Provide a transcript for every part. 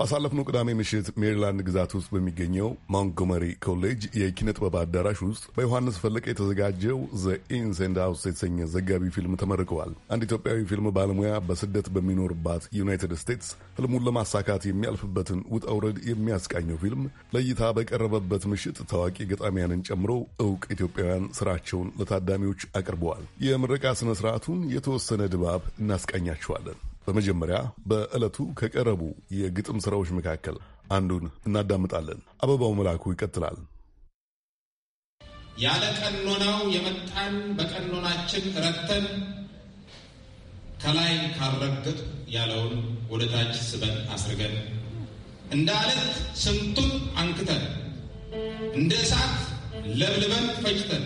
ባሳለፍነው ቅዳሜ ምሽት ሜሪላንድ ግዛት ውስጥ በሚገኘው ማንጎመሪ ኮሌጅ የኪነ ጥበብ አዳራሽ ውስጥ በዮሐንስ ፈለቀ የተዘጋጀው ዘ ኢንሴንድ ሃውስ የተሰኘ ዘጋቢ ፊልም ተመርቀዋል። አንድ ኢትዮጵያዊ ፊልም ባለሙያ በስደት በሚኖርባት ዩናይትድ ስቴትስ ህልሙን ለማሳካት የሚያልፍበትን ውጣ ውረድ የሚያስቃኘው ፊልም ለእይታ በቀረበበት ምሽት ታዋቂ ገጣሚያንን ጨምሮ እውቅ ኢትዮጵያውያን ስራቸውን ለታዳሚዎች አቅርበዋል። የምረቃ ስነ ስርዓቱን የተወሰነ ድባብ እናስቃኛችኋለን። በመጀመሪያ በዕለቱ ከቀረቡ የግጥም ስራዎች መካከል አንዱን እናዳምጣለን። አበባው መላኩ ይቀጥላል። ያለ ቀኖናው የመጣን በቀኖናችን ረተን ከላይ ካረግጥ ያለውን ወደ ታች ስበን አስርገን እንደ አለት ስንቱን አንክተን እንደ እሳት ለብልበን ፈጭተን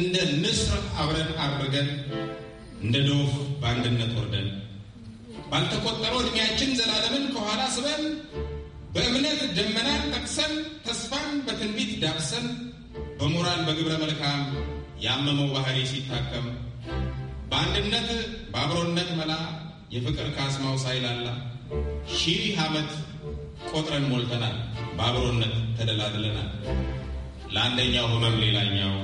እንደ ንስር አብረን አድርገን እንደ ዶፍ በአንድነት ወርደን ባልተቆጠረው እድሜያችን ዘላለምን ከኋላ ስበን በእምነት ደመናን ጠቅሰን ተስፋን በትንቢት ዳብሰን በሞራል በግብረ መልካም ያመመው ባህሪ ሲታከም በአንድነት በአብሮነት መላ የፍቅር ካስማው ሳይላላ ሺህ ዓመት ቆጥረን ሞልተናል። በአብሮነት ተደላድለናል። ለአንደኛው ህመም ሌላኛው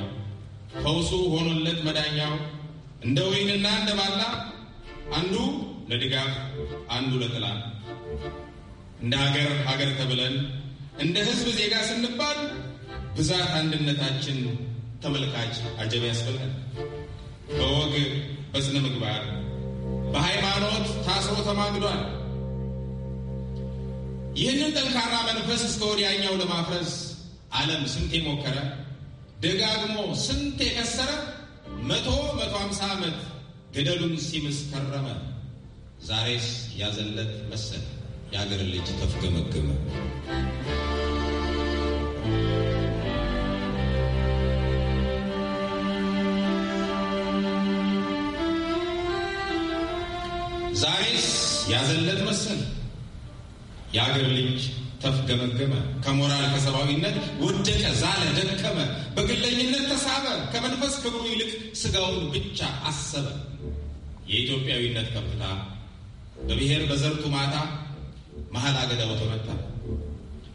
ፈውሱ ሆኖለት መዳኛው እንደ ወይንና እንደ ባላ አንዱ ለድጋፍ፣ አንዱ ለጥላ እንደ ሀገር ሀገር ተብለን እንደ ህዝብ ዜጋ ስንባል ብዛት አንድነታችን ተመልካች አጀብ ያስፈልጋል። በወግ በስነ ምግባር በሃይማኖት ታስሮ ተማግዷል። ይህንን ጠንካራ መንፈስ እስከ ወዲያኛው ለማፍረስ ዓለም ስንት የሞከረ ደጋግሞ ስንት የከሰረ መቶ መቶ ሃምሳ ዓመት ገደሉን ሲምስ ከረመ። ዛሬስ ያዘለት መሰል የአገር ልጅ ተፍገመገመ። ዛሬስ ያዘለት መሰል የአገር ልጅ ተፍገመገመ። ከሞራል ከሰብአዊነት ወደቀ፣ ዛለ፣ ደከመ። በግለኝነት ተሳበ። ከመንፈስ ክብሩ ይልቅ ስጋውን ብቻ አሰበ። የኢትዮጵያዊነት ከፍታ በብሔር በዘርቱ ማታ መሀል አገዳ ወቶ መጣ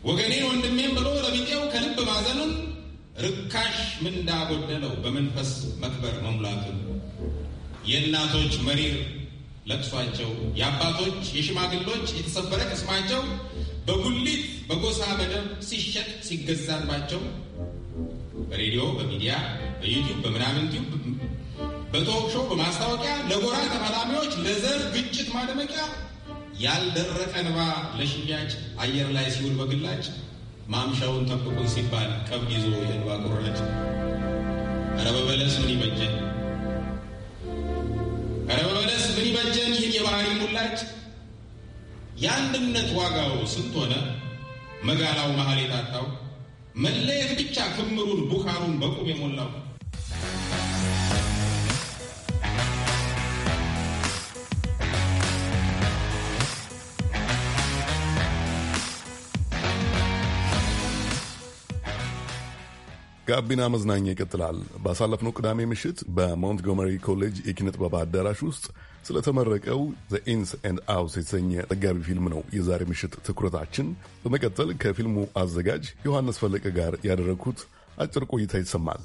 ወገኔን ወንድሜን ብሎ ለቢጤው ከልብ ማዘኑን ርካሽ ምንዳ ጎደለው በመንፈስ መክበር መሙላቱን የእናቶች መሪር ለቅሷቸው የአባቶች የሽማግሎች የተሰበረ ቅስማቸው በጉሊት በጎሳ በደብ ሲሸጥ ሲገዛባቸው በሬዲዮ በሚዲያ በዩቲዩብ በምናምን ቲዩብ በቶክሾ በማስታወቂያ ለጎራ ተፋላሚዎች ለዘር ግጭት ማድመቂያ ያልደረቀ እንባ ለሽያጭ አየር ላይ ሲውል በግላጭ ማምሻውን ጠብቁን ሲባል ቀብድ ይዞ የእንባ ቁራጭ ኧረ በበለስ ምን ይበጀን፣ ኧረ በበለስ ምን ይበጀን ይህን የባህሪ ሙላጭ የአንድነት ዋጋው ስንት ሆነ መጋላው መሀል የታጣው መለየት ብቻ ክምሩን ቡካሩን በቁም የሞላው ጋቢና መዝናኛ ይቀጥላል። ባሳለፍነው ቅዳሜ ምሽት በሞንትጎመሪ ኮሌጅ የኪነጥበብ አዳራሽ ውስጥ ስለተመረቀው ዘ ኢንስ ኤንድ አውስ የተሰኘ ዘጋቢ ፊልም ነው የዛሬ ምሽት ትኩረታችን። በመቀጠል ከፊልሙ አዘጋጅ ዮሐንስ ፈለቀ ጋር ያደረግኩት አጭር ቆይታ ይሰማል።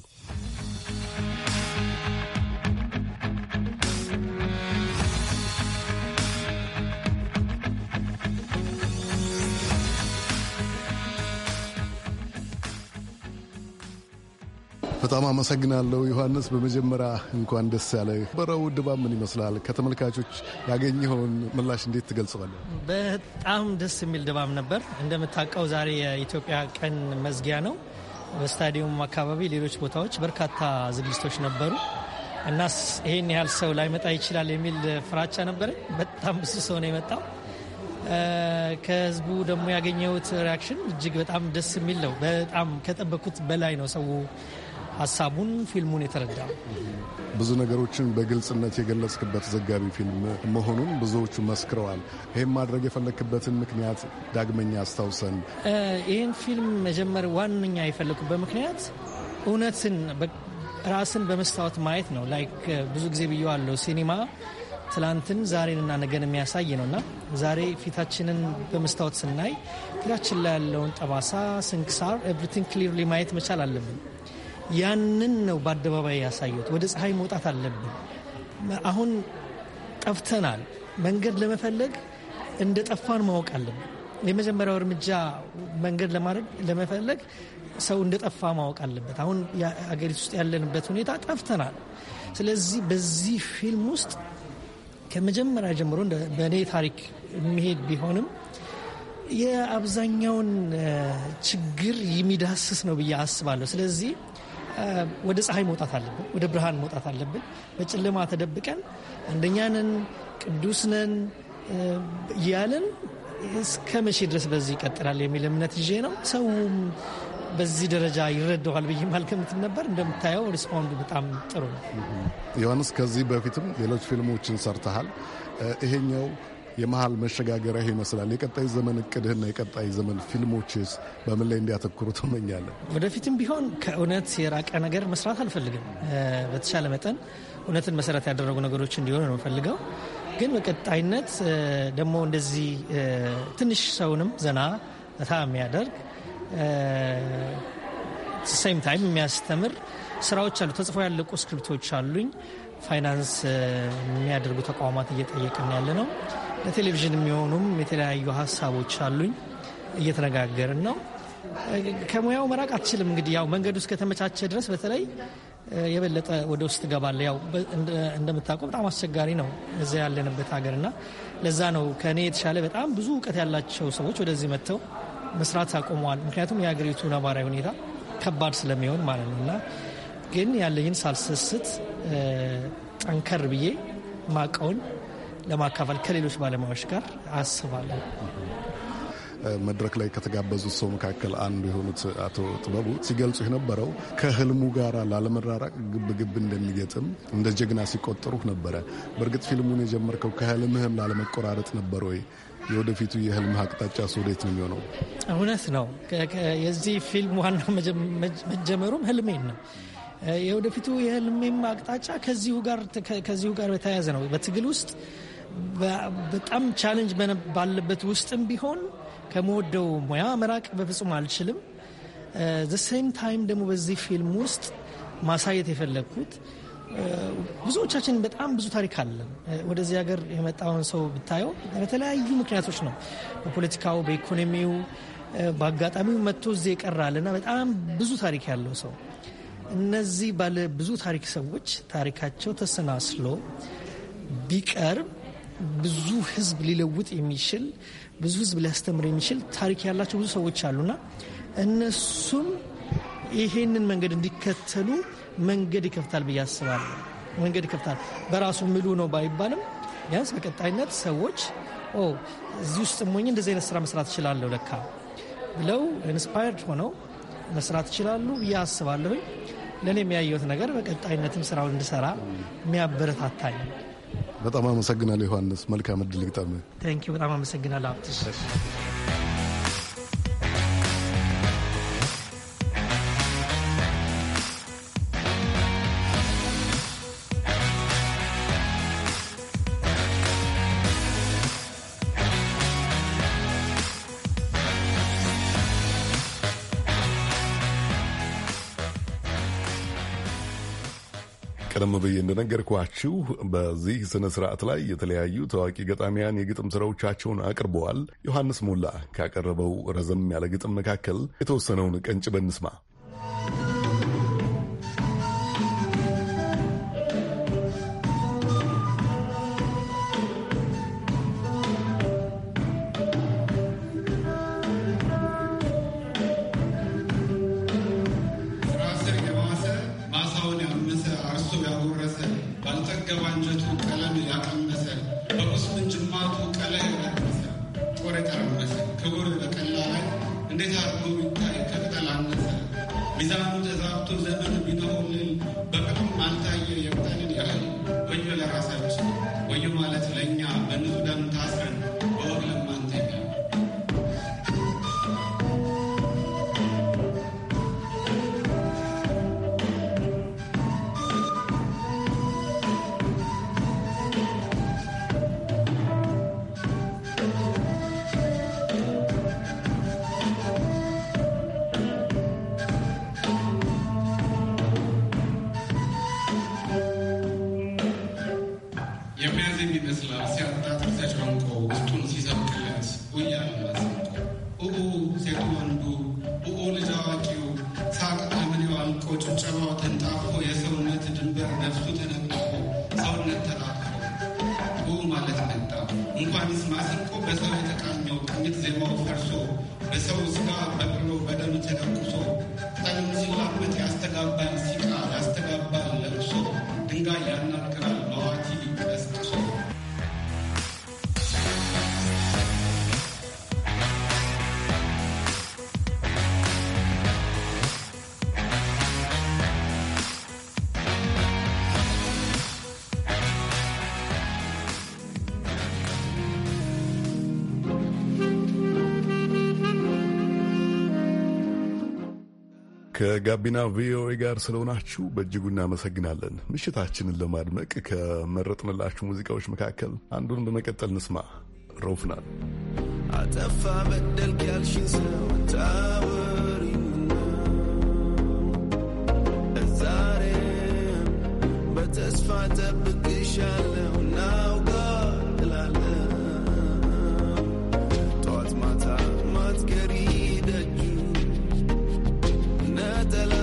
በጣም አመሰግናለሁ ዮሐንስ። በመጀመሪያ እንኳን ደስ ያለ። በረው ድባብ ምን ይመስላል? ከተመልካቾች ያገኘኸውን ምላሽ እንዴት ትገልጸዋለህ? በጣም ደስ የሚል ድባብ ነበር። እንደምታውቀው ዛሬ የኢትዮጵያ ቀን መዝጊያ ነው። በስታዲየሙ አካባቢ፣ ሌሎች ቦታዎች በርካታ ዝግጅቶች ነበሩ እና ይህን ያህል ሰው ላይመጣ ይችላል የሚል ፍራቻ ነበረ። በጣም ብዙ ሰው ነው የመጣው። ከህዝቡ ደግሞ ያገኘሁት ሪያክሽን እጅግ በጣም ደስ የሚል ነው። በጣም ከጠበኩት በላይ ነው ሰው ሀሳቡን ፊልሙን የተረዳ ብዙ ነገሮችን በግልጽነት የገለጽክበት ዘጋቢ ፊልም መሆኑን ብዙዎቹ መስክረዋል። ይህም ማድረግ የፈለክበትን ምክንያት ዳግመኛ አስታውሰን። ይህን ፊልም መጀመር ዋነኛ የፈለኩበት ምክንያት እውነትን ራስን በመስታወት ማየት ነው። ላይክ ብዙ ጊዜ ብየዋለሁ ሲኒማ ትላንትን ዛሬንና ነገን የሚያሳይ እና ዛሬ ፊታችንን በመስታወት ስናይ ፊታችን ላይ ያለውን ጠባሳ፣ ስንክሳር ኤቭሪቲንግ ክሊርሊ ማየት መቻል አለብን። ያንን ነው በአደባባይ ያሳዩት። ወደ ፀሐይ መውጣት አለብን። አሁን ጠፍተናል። መንገድ ለመፈለግ እንደ ጠፋን ማወቅ አለብን። የመጀመሪያው እርምጃ መንገድ ለማድረግ ለመፈለግ ሰው እንደ ጠፋ ማወቅ አለበት። አሁን አገሪቱ ውስጥ ያለንበት ሁኔታ ጠፍተናል። ስለዚህ በዚህ ፊልም ውስጥ ከመጀመሪያ ጀምሮ በእኔ ታሪክ የሚሄድ ቢሆንም የአብዛኛውን ችግር የሚዳስስ ነው ብዬ አስባለሁ። ስለዚህ ወደ ፀሐይ መውጣት አለብን፣ ወደ ብርሃን መውጣት አለብን። በጨለማ ተደብቀን አንደኛንን ቅዱስነን እያልን እስከ መቼ ድረስ በዚህ ይቀጥላል የሚል እምነት ይዤ ነው። ሰውም በዚህ ደረጃ ይረዳዋል ብዬ አልገምትም ነበር። እንደምታየው ሪስፖንዱ በጣም ጥሩ ነው። ዮሐንስ፣ ከዚህ በፊትም ሌሎች ፊልሞችን ሰርተሃል። ይሄኛው የመሀል መሸጋገሪያ ይመስላል። የቀጣይ ዘመን እቅድህና የቀጣይ ዘመን ፊልሞችስ በምን ላይ እንዲያተኩሩ ትመኛለን? ወደፊትም ቢሆን ከእውነት የራቀ ነገር መስራት አልፈልግም። በተሻለ መጠን እውነትን መሰረት ያደረጉ ነገሮች እንዲሆኑ ነው ፈልገው። ግን በቀጣይነት ደግሞ እንደዚህ ትንሽ ሰውንም ዘና ታ የሚያደርግ ሴም ታይም የሚያስተምር ስራዎች አሉ። ተጽፎ ያለቁ ስክሪፕቶች አሉኝ። ፋይናንስ የሚያደርጉ ተቋማት እየጠየቅን ያለ ነው። ለቴሌቪዥን የሚሆኑም የተለያዩ ሀሳቦች አሉኝ። እየተነጋገርን ነው። ከሙያው መራቅ አትችልም። እንግዲህ ያው መንገዱ እስከተመቻቸ ድረስ በተለይ የበለጠ ወደ ውስጥ ገባለ። ያው እንደምታውቀው በጣም አስቸጋሪ ነው እዛ ያለንበት ሀገርና ለዛ ነው ከእኔ የተሻለ በጣም ብዙ እውቀት ያላቸው ሰዎች ወደዚህ መጥተው መስራት አቁመዋል። ምክንያቱም የሀገሪቱ ነባራዊ ሁኔታ ከባድ ስለሚሆን ማለት ነው እና ግን ያለኝን ሳልሰስት ጠንከር ብዬ ማቀውን ለማካፈል ከሌሎች ባለሙያዎች ጋር አስባለሁ። መድረክ ላይ ከተጋበዙት ሰው መካከል አንዱ የሆኑት አቶ ጥበቡ ሲገልጹ የነበረው ከህልሙ ጋር ላለመራራቅ ግብግብ እንደሚገጥም እንደ ጀግና ሲቆጠሩህ ነበረ። በእርግጥ ፊልሙን የጀመርከው ከህልምህም ላለመቆራረጥ ነበር ወይ? የወደፊቱ የህልም አቅጣጫ ወዴት ነው የሚሆነው? እውነት ነው። የዚህ ፊልም ዋናው መጀመሩም ህልሜን ነው። የወደፊቱ የህልሜም አቅጣጫ ከዚሁ ጋር በተያያዘ ነው። በትግል ውስጥ በጣም ቻለንጅ ባለበት ውስጥም ቢሆን ከመወደው ሙያ መራቅ በፍጹም አልችልም። ዘሴም ታይም ደግሞ በዚህ ፊልም ውስጥ ማሳየት የፈለግኩት ብዙዎቻችን በጣም ብዙ ታሪክ አለን። ወደዚህ ሀገር የመጣውን ሰው ብታየው በተለያዩ ምክንያቶች ነው፣ በፖለቲካው፣ በኢኮኖሚው፣ በአጋጣሚው መጥቶ እዚህ ይቀራል በጣም ብዙ ታሪክ ያለው ሰው እነዚህ ባለ ብዙ ታሪክ ሰዎች ታሪካቸው ተሰናስሎ ቢቀርብ ብዙ ህዝብ ሊለውጥ የሚችል ብዙ ህዝብ ሊያስተምር የሚችል ታሪክ ያላቸው ብዙ ሰዎች አሉና እነሱም ይሄንን መንገድ እንዲከተሉ መንገድ ይከፍታል ብዬ አስባለሁ። መንገድ ይከፍታል በራሱ ምሉ ነው ባይባልም ቢያንስ በቀጣይነት ሰዎች እዚህ ውስጥ ሞኝ እንደዚህ አይነት ስራ መስራት እችላለሁ ለካ ብለው ኢንስፓየርድ ሆነው መስራት ይችላሉ ብዬ አስባለሁኝ። ለእኔ የሚያየሁት ነገር በቀጣይነትም ስራውን እንድሰራ የሚያበረታታኝ በጣም አመሰግናለሁ ዮሐንስ። መልካም እድል ግጠም። ታንኪው። በጣም አመሰግናለሁ አብትሽ። ቀደም ብዬ እንደነገርኳችሁ በዚህ ስነ ስርዓት ላይ የተለያዩ ታዋቂ ገጣሚያን የግጥም ስራዎቻቸውን አቅርበዋል። ዮሐንስ ሞላ ካቀረበው ረዘም ያለ ግጥም መካከል የተወሰነውን ቀንጭ በንስማ ከጋቢና ቪኦኤ ጋር ስለሆናችሁ በእጅጉ እናመሰግናለን። ምሽታችንን ለማድመቅ ከመረጥንላችሁ ሙዚቃዎች መካከል አንዱን በመቀጠል ንስማ። ሮፍናል አጠፋ በደል ያልሽን ሰው ታወሪና በተስፋ ጠብቅሻለሁ ናውቅ Hasta la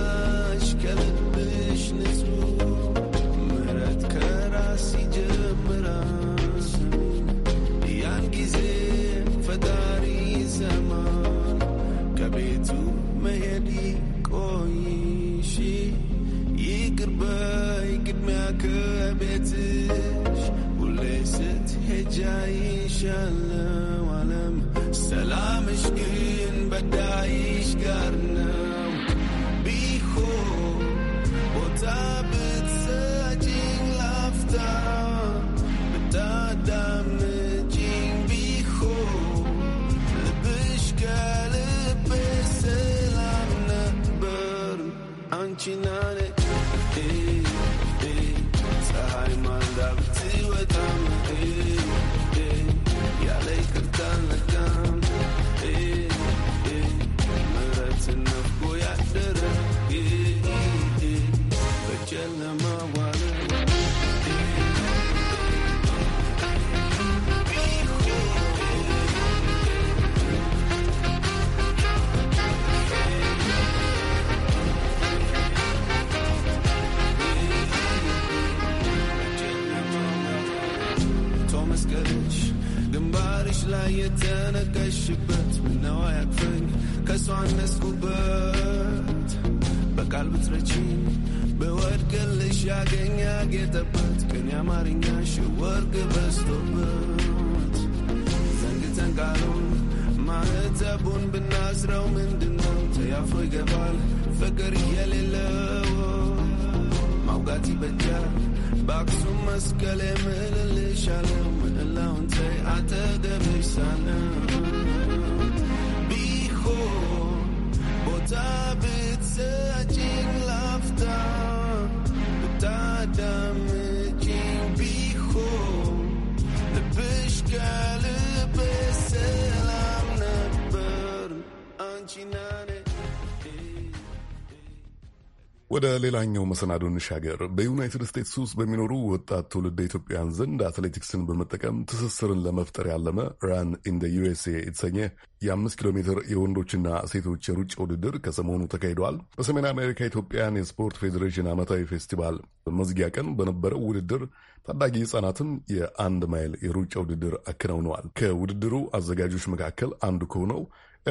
ወደ ሌላኛው መሰናዶ እንሻገር። በዩናይትድ ስቴትስ ውስጥ በሚኖሩ ወጣት ትውልድ ኢትዮጵያውያን ዘንድ አትሌቲክስን በመጠቀም ትስስርን ለመፍጠር ያለመ ራን ኢን ደ ዩኤስኤ የተሰኘ የአምስት ኪሎ ሜትር የወንዶችና ሴቶች የሩጫ ውድድር ከሰሞኑ ተካሂደዋል። በሰሜን አሜሪካ ኢትዮጵያን የስፖርት ፌዴሬሽን ዓመታዊ ፌስቲቫል መዝጊያ ቀን በነበረው ውድድር ታዳጊ ሕጻናትም የአንድ ማይል የሩጫ ውድድር አከናውነዋል። ከውድድሩ አዘጋጆች መካከል አንዱ ከሆነው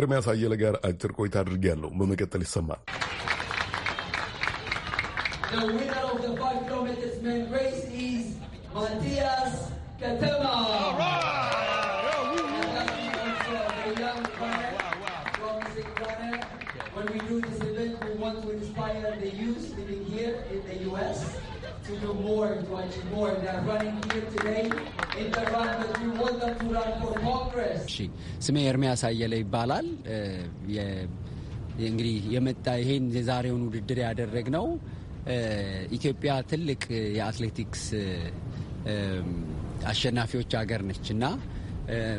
ኤርሚያስ አየለ ጋር አጭር ቆይታ አድርጌያለሁ። በመቀጠል ይሰማል። The winner of the 5 kilometers men race is Matthias Katema. All right. And young promising runner. When we do this event, we want to inspire the youth living here in the US to do more, to achieve more. They are running here today in the run we want them to run for Congress. ስሜ ኤርሚያስ አየለ ይባላል። እንግዲህ የመጣ ይሄን የዛሬውን ውድድር ያደረግነው ነው ኢትዮጵያ ትልቅ የአትሌቲክስ አሸናፊዎች ሀገር ነች እና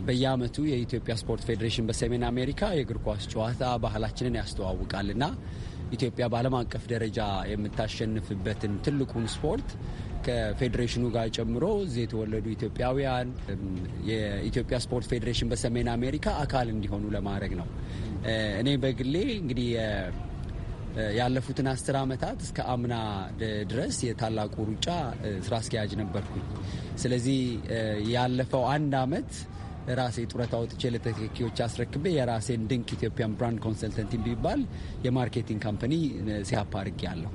በየአመቱ የኢትዮጵያ ስፖርት ፌዴሬሽን በሰሜን አሜሪካ የእግር ኳስ ጨዋታ ባህላችንን ያስተዋውቃልና ኢትዮጵያ በዓለም አቀፍ ደረጃ የምታሸንፍበትን ትልቁን ስፖርት ከፌዴሬሽኑ ጋር ጨምሮ እዚህ የተወለዱ ኢትዮጵያውያን የኢትዮጵያ ስፖርት ፌዴሬሽን በሰሜን አሜሪካ አካል እንዲሆኑ ለማድረግ ነው። እኔ በግሌ እንግዲህ ያለፉትን አስር ዓመታት እስከ አምና ድረስ የታላቁ ሩጫ ስራ አስኪያጅ ነበርኩኝ። ስለዚህ ያለፈው አንድ ዓመት ራሴ ጡረታ ወጥቼ ለተተኪዎች አስረክቤ የራሴን ድንቅ ኢትዮጵያን ብራንድ ኮንሰልተንት ቢባል የማርኬቲንግ ካምፓኒ ሲያፓ አድርጌያለሁ።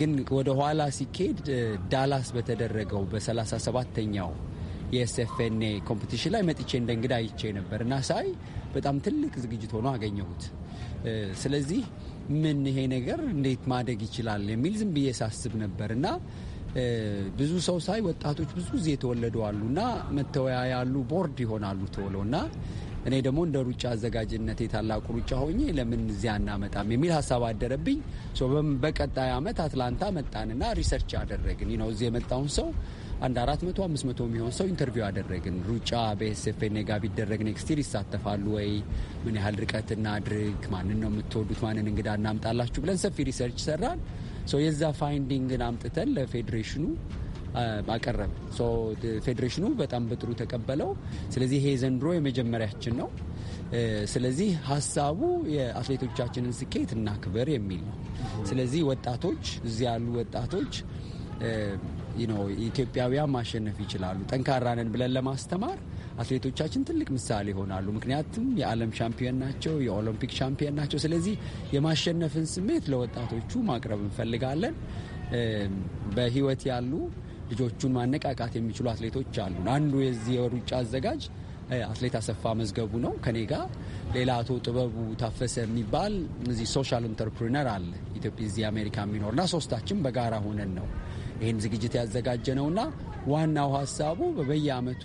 ግን ወደ ኋላ ሲኬድ ዳላስ በተደረገው በ 37 ተኛው የኤስኤፍኤንኤ ኮምፒቲሽን ላይ መጥቼ እንደ እንግዳ አይቼ ነበር እና ሳይ በጣም ትልቅ ዝግጅት ሆኖ አገኘሁት። ስለዚህ ምን ይሄ ነገር እንዴት ማደግ ይችላል የሚል ዝም ብዬ ሳስብ ነበር እና ብዙ ሰው ሳይ ወጣቶች ብዙ ጊዜ የተወለዱ አሉና መተወያ ያሉ ቦርድ ይሆናሉ ቶሎ እና እኔ ደግሞ እንደ ሩጫ አዘጋጅነት የታላቁ ሩጫ ሆኜ ለምን እዚያ እናመጣም የሚል ሀሳብ አደረብኝ። በቀጣይ ዓመት አትላንታ መጣንና ሪሰርች አደረግን ነው እዚህ የመጣውን ሰው አንድ አራት መቶ አምስት መቶ የሚሆን ሰው ኢንተርቪው አደረግን። ሩጫ በኤስፍ ኔጋ ቢደረግ ኔክስት ይር ይሳተፋሉ ወይ? ምን ያህል ርቀት እናድርግ? ማንን ነው የምትወዱት? ማንን እንግዳ እናምጣላችሁ? ብለን ሰፊ ሪሰርች ሰራን። የዛ ፋይንዲንግን አምጥተን ለፌዴሬሽኑ አቀረብ ፌዴሬሽኑ በጣም በጥሩ ተቀበለው። ስለዚህ ይሄ ዘንድሮ የመጀመሪያችን ነው። ስለዚህ ሀሳቡ የአትሌቶቻችንን ስኬት እናክብር የሚል ነው። ስለዚህ ወጣቶች እዚህ ያሉ ወጣቶች ኢትዮጵያውያን ማሸነፍ ይችላሉ፣ ጠንካራ ነን ብለን ለማስተማር አትሌቶቻችን ትልቅ ምሳሌ ይሆናሉ። ምክንያቱም የዓለም ሻምፒዮን ናቸው፣ የኦሎምፒክ ሻምፒዮን ናቸው። ስለዚህ የማሸነፍን ስሜት ለወጣቶቹ ማቅረብ እንፈልጋለን። በህይወት ያሉ ልጆቹን ማነቃቃት የሚችሉ አትሌቶች አሉ። አንዱ የዚህ የሩጫ አዘጋጅ አትሌት አሰፋ መዝገቡ ነው ከኔ ጋር። ሌላ አቶ ጥበቡ ታፈሰ የሚባል እዚህ ሶሻል ኢንተርፕሪነር አለ ኢትዮጵያ እዚህ አሜሪካ የሚኖርና ሶስታችን በጋራ ሆነን ነው ይህን ዝግጅት ያዘጋጀ ነውና ዋናው ሀሳቡ በየአመቱ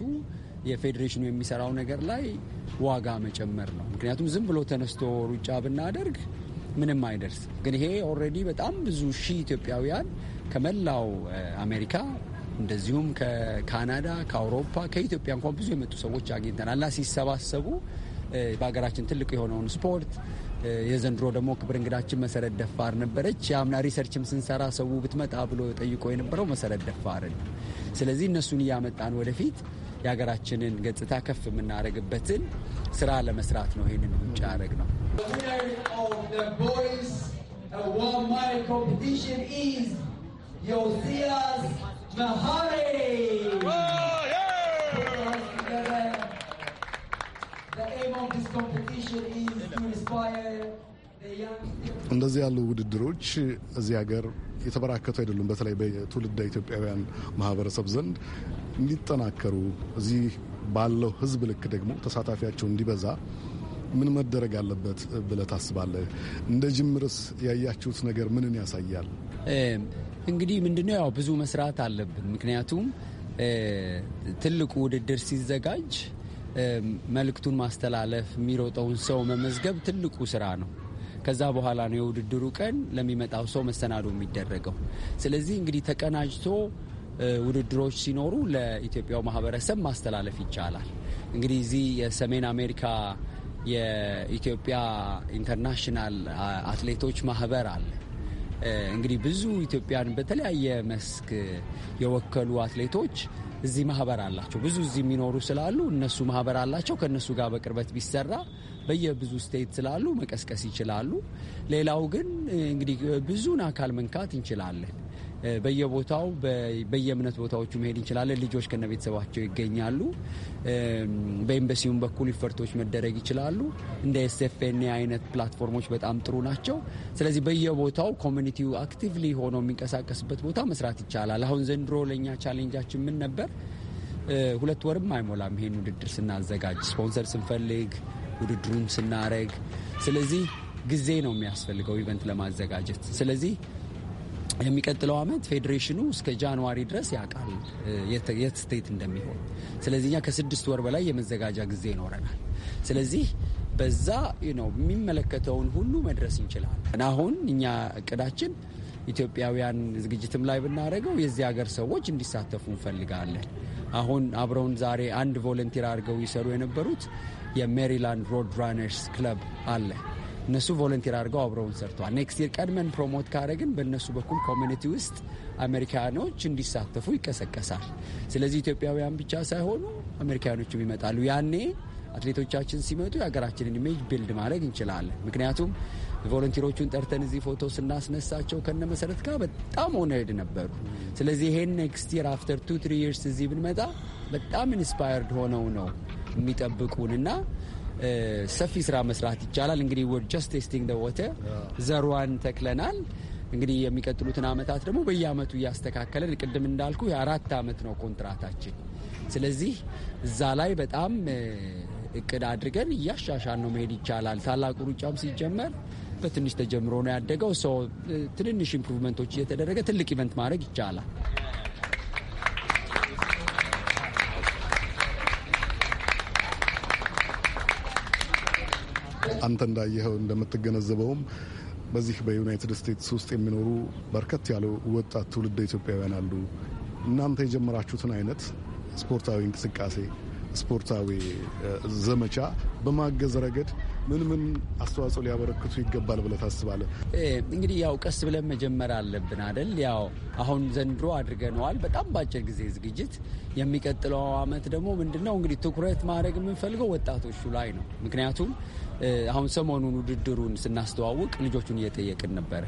የፌዴሬሽኑ የሚሰራው ነገር ላይ ዋጋ መጨመር ነው። ምክንያቱም ዝም ብሎ ተነስቶ ሩጫ ብናደርግ ምንም አይደርስም። ግን ይሄ ኦልሬዲ በጣም ብዙ ሺህ ኢትዮጵያውያን ከመላው አሜሪካ እንደዚሁም ከካናዳ፣ ከአውሮፓ፣ ከኢትዮጵያ እንኳን ብዙ የመጡ ሰዎች አግኝተናል እና ሲሰባሰቡ በሀገራችን ትልቅ የሆነውን ስፖርት የዘንድሮ ደግሞ ክብር እንግዳችን መሰረት ደፋር ነበረች። የአምና ሪሰርችም ስንሰራ ሰው ብትመጣ ብሎ ጠይቆ የነበረው መሰረት ደፋር ነው። ስለዚህ እነሱን እያመጣን ወደፊት የሀገራችንን ገጽታ ከፍ የምናደርግበትን ስራ ለመስራት ነው ይህንን ውጭ ያደረግ ነው። ዮሲያስ እንደዚህ ያሉ ውድድሮች እዚህ ሀገር የተበራከቱ አይደሉም። በተለይ በትውልደ ኢትዮጵያውያን ማህበረሰብ ዘንድ እንዲጠናከሩ እዚህ ባለው ሕዝብ ልክ ደግሞ ተሳታፊያቸው እንዲበዛ ምን መደረግ አለበት ብለህ ታስባለህ? እንደ ጅምርስ ያያችሁት ነገር ምንን ያሳያል? እንግዲህ ምንድነው ያው ብዙ መስራት አለብን። ምክንያቱም ትልቁ ውድድር ሲዘጋጅ መልእክቱን ማስተላለፍ፣ የሚሮጠውን ሰው መመዝገብ ትልቁ ስራ ነው። ከዛ በኋላ ነው የውድድሩ ቀን ለሚመጣው ሰው መሰናዶ የሚደረገው። ስለዚህ እንግዲህ ተቀናጅቶ ውድድሮች ሲኖሩ ለኢትዮጵያው ማህበረሰብ ማስተላለፍ ይቻላል። እንግዲህ እዚህ የሰሜን አሜሪካ የኢትዮጵያ ኢንተርናሽናል አትሌቶች ማህበር አለ። እንግዲህ ብዙ ኢትዮጵያን በተለያየ መስክ የወከሉ አትሌቶች እዚህ ማህበር አላቸው። ብዙ እዚህ የሚኖሩ ስላሉ እነሱ ማህበር አላቸው። ከእነሱ ጋር በቅርበት ቢሰራ በየብዙ ስቴት ስላሉ መቀስቀስ ይችላሉ። ሌላው ግን እንግዲህ ብዙን አካል መንካት እንችላለን። በየቦታው በየእምነት ቦታዎቹ መሄድ እንችላለን። ልጆች ከነ ቤተሰባቸው ይገኛሉ። በኤምባሲውም በኩል ይፈርቶች መደረግ ይችላሉ። እንደ ኤስኤፍኤን አይነት ፕላትፎርሞች በጣም ጥሩ ናቸው። ስለዚህ በየቦታው ኮሚኒቲው አክቲቭሊ ሆኖ የሚንቀሳቀስበት ቦታ መስራት ይቻላል። አሁን ዘንድሮ ለእኛ ቻሌንጃችን ምን ነበር? ሁለት ወርም አይሞላም ይሄን ውድድር ስናዘጋጅ ስፖንሰር ስንፈልግ ውድድሩም ስናረግ። ስለዚህ ጊዜ ነው የሚያስፈልገው ኢቨንት ለማዘጋጀት። ስለዚህ የሚቀጥለው ዓመት ፌዴሬሽኑ እስከ ጃንዋሪ ድረስ ያውቃል የት ስቴት እንደሚሆን። ስለዚህ እኛ ከስድስት ወር በላይ የመዘጋጃ ጊዜ ይኖረናል። ስለዚህ በዛ ነው የሚመለከተውን ሁሉ መድረስ እንችላለን። አሁን እኛ እቅዳችን ኢትዮጵያውያን ዝግጅትም ላይ ብናደርገው የዚህ ሀገር ሰዎች እንዲሳተፉ እንፈልጋለን። አሁን አብረውን ዛሬ አንድ ቮለንቲር አድርገው ይሰሩ የነበሩት የሜሪላንድ ሮድ ራነርስ ክለብ አለ እነሱ ቮለንቲር አድርገው አብረውን ሰርተዋል። ኔክስት ይር ቀድመን ፕሮሞት ካረግን በእነሱ በኩል ኮሚኒቲ ውስጥ አሜሪካኖች እንዲሳተፉ ይቀሰቀሳል። ስለዚህ ኢትዮጵያውያን ብቻ ሳይሆኑ አሜሪካኖችም ይመጣሉ። ያኔ አትሌቶቻችን ሲመጡ የሀገራችንን ኢሜጅ ቢልድ ማድረግ እንችላለን። ምክንያቱም ቮለንቲሮቹን ጠርተን እዚህ ፎቶ ስናስነሳቸው ከነ መሰረት ጋር በጣም ኦነርድ ነበሩ። ስለዚህ ይሄን ኔክስት ይር አፍተር ቱ ትሪ ይርስ እዚህ ብንመጣ በጣም ኢንስፓየርድ ሆነው ነው የሚጠብቁን እና ሰፊ ስራ መስራት ይቻላል። እንግዲህ ወር ጀስት ቴስቲንግ ወተር ዘሯን ተክለናል። እንግዲህ የሚቀጥሉትን አመታት ደግሞ በየአመቱ እያስተካከለን ቅድም እንዳልኩ የአራት አመት ነው ኮንትራታችን። ስለዚህ እዛ ላይ በጣም እቅድ አድርገን እያሻሻል ነው መሄድ ይቻላል። ታላቁ ሩጫም ሲጀመር በትንሽ ተጀምሮ ነው ያደገው። ሰው ትንንሽ ኢምፕሩቭመንቶች እየተደረገ ትልቅ ኢቨንት ማድረግ ይቻላል። አንተ እንዳየኸው እንደምትገነዘበውም በዚህ በዩናይትድ ስቴትስ ውስጥ የሚኖሩ በርከት ያሉ ወጣት ትውልደ ኢትዮጵያውያን አሉ። እናንተ የጀመራችሁትን አይነት ስፖርታዊ እንቅስቃሴ ስፖርታዊ ዘመቻ በማገዝ ረገድ ምን ምን አስተዋጽኦ ሊያበረክቱ ይገባል ብለ ታስባለ እንግዲህ ያው ቀስ ብለን መጀመር አለብን አደል? ያው አሁን ዘንድሮ አድርገነዋል በጣም በአጭር ጊዜ ዝግጅት። የሚቀጥለው አመት ደግሞ ምንድነው እንግዲህ ትኩረት ማድረግ የምንፈልገው ወጣቶቹ ላይ ነው። ምክንያቱም አሁን ሰሞኑን ውድድሩን ስናስተዋውቅ ልጆቹን እየጠየቅን ነበረ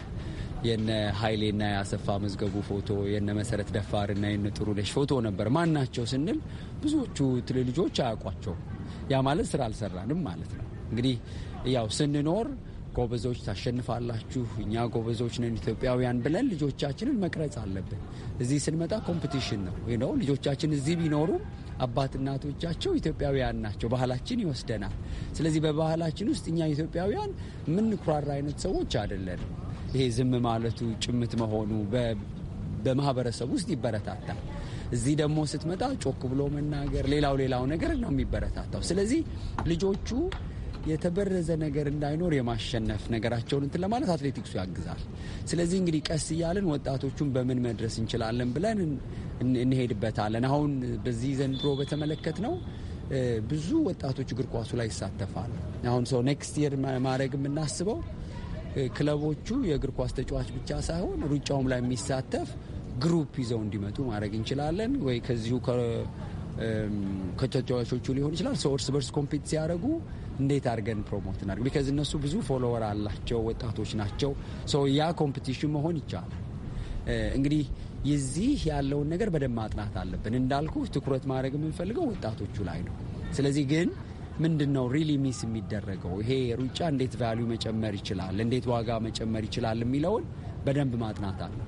የነ ኃይሌና የአሰፋ መዝገቡ ፎቶ የነ መሰረት ደፋርና የነ ጥሩነሽ ፎቶ ነበር። ማን ናቸው ስንል ብዙዎቹ ትልልጆች አያውቋቸውም። ያ ማለት ስራ አልሰራንም ማለት ነው። እንግዲህ ያው ስንኖር ጎበዞች ታሸንፋላችሁ፣ እኛ ጎበዞች ነን ኢትዮጵያውያን ብለን ልጆቻችንን መቅረጽ አለብን። እዚህ ስንመጣ ኮምፒቲሽን ነው ነው። ልጆቻችን እዚህ ቢኖሩ አባት እናቶቻቸው ኢትዮጵያውያን ናቸው፣ ባህላችን ይወስደናል። ስለዚህ በባህላችን ውስጥ እኛ ኢትዮጵያውያን የምንኩራራ አይነት ሰዎች አይደለንም። ይሄ ዝም ማለቱ ጭምት መሆኑ በማህበረሰብ ውስጥ ይበረታታል። እዚህ ደግሞ ስትመጣ ጮክ ብሎ መናገር፣ ሌላው ሌላው ነገር ነው የሚበረታታው። ስለዚህ ልጆቹ የተበረዘ ነገር እንዳይኖር የማሸነፍ ነገራቸውን እንትን ለማለት አትሌቲክሱ ያግዛል። ስለዚህ እንግዲህ ቀስ እያለን ወጣቶቹን በምን መድረስ እንችላለን ብለን እንሄድበታለን። አሁን በዚህ ዘንድሮ በተመለከት ነው ብዙ ወጣቶች እግር ኳሱ ላይ ይሳተፋል። አሁን ሰው ኔክስት የር ማድረግ የምናስበው ክለቦቹ የእግር ኳስ ተጫዋች ብቻ ሳይሆን ሩጫውም ላይ የሚሳተፍ ግሩፕ ይዘው እንዲመጡ ማድረግ እንችላለን ወይ ከዚሁ ከተጫዋቾቹ ሊሆን ይችላል ሰው እርስ በርስ ኮምፒት ሲያደርጉ እንዴት አድርገን ፕሮሞት እናድርግ? ቢካዝ እነሱ ብዙ ፎሎወር አላቸው፣ ወጣቶች ናቸው። ሰው ያ ኮምፒቲሽን መሆን ይቻላል። እንግዲህ የዚህ ያለውን ነገር በደንብ ማጥናት አለብን። እንዳልኩ ትኩረት ማድረግ የምንፈልገው ወጣቶቹ ላይ ነው። ስለዚህ ግን ምንድን ነው ሪሊ ሚስ የሚደረገው ይሄ ሩጫ እንዴት ቫሊዩ መጨመር ይችላል፣ እንዴት ዋጋ መጨመር ይችላል የሚለውን በደንብ ማጥናት አለብን።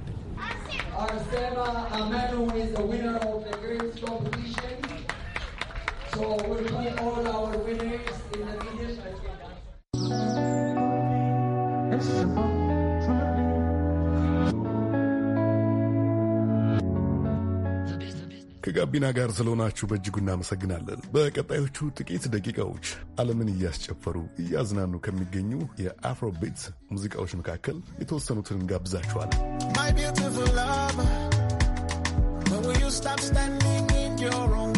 ከጋቢና ጋር ስለሆናችሁ በእጅጉ እናመሰግናለን። በቀጣዮቹ ጥቂት ደቂቃዎች ዓለምን እያስጨፈሩ እያዝናኑ ከሚገኙ የአፍሮ ሙዚቃዎች መካከል የተወሰኑትን እንጋብዛችኋል። My beautiful will you stop standing in your own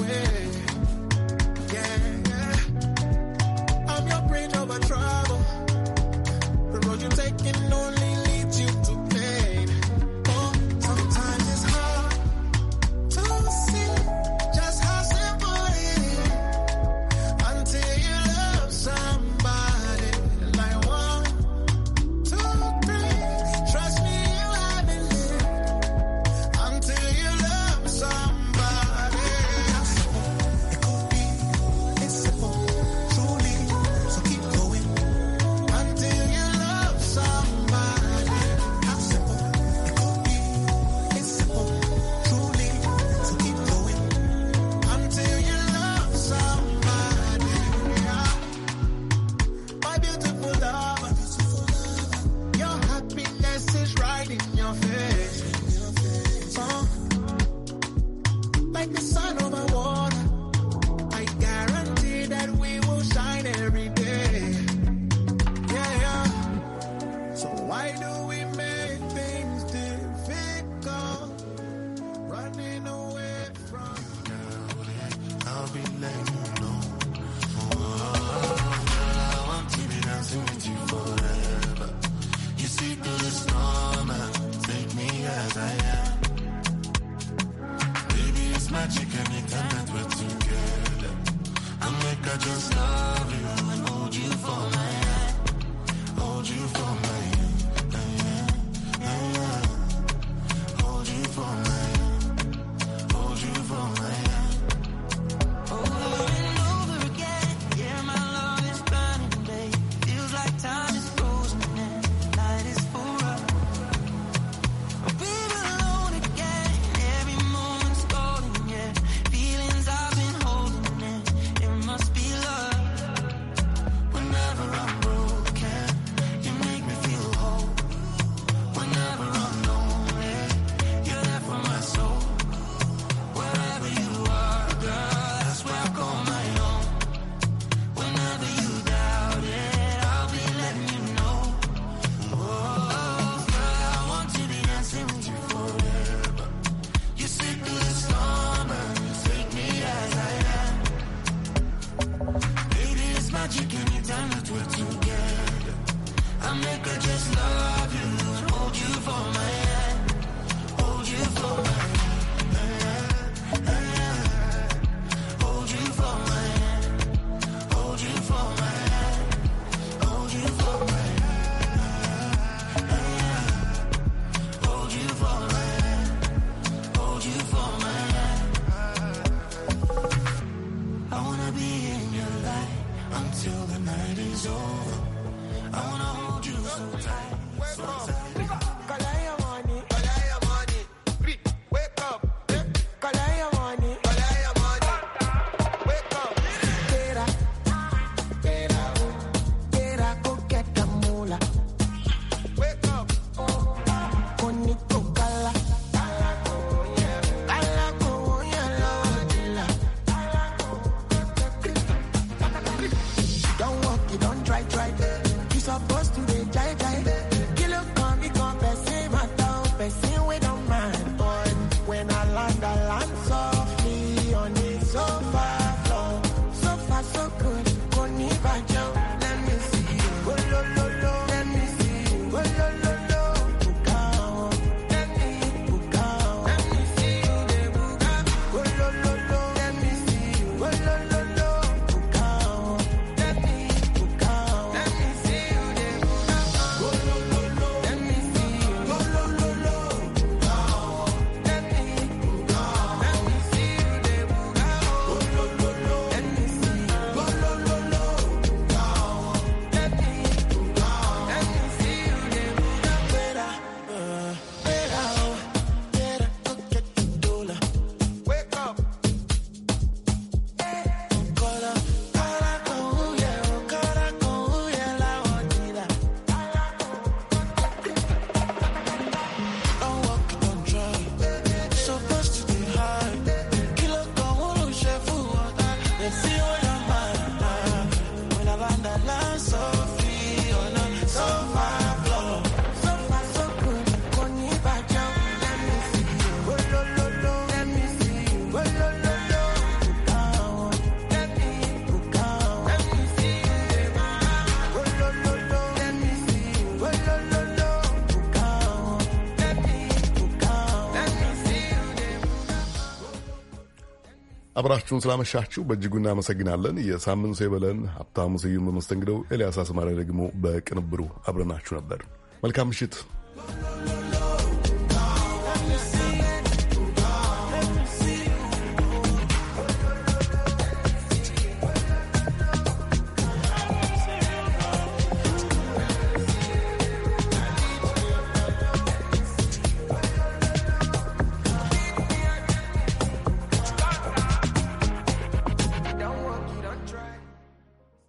አብራችሁን ስላመሻችሁ በእጅጉ እናመሰግናለን። የሳምንት ሰው ይበለን። ሀብታሙ ስዩም በመስተንግደው፣ ኤልያስ አስማሪ ደግሞ በቅንብሩ አብረናችሁ ነበር። መልካም ምሽት።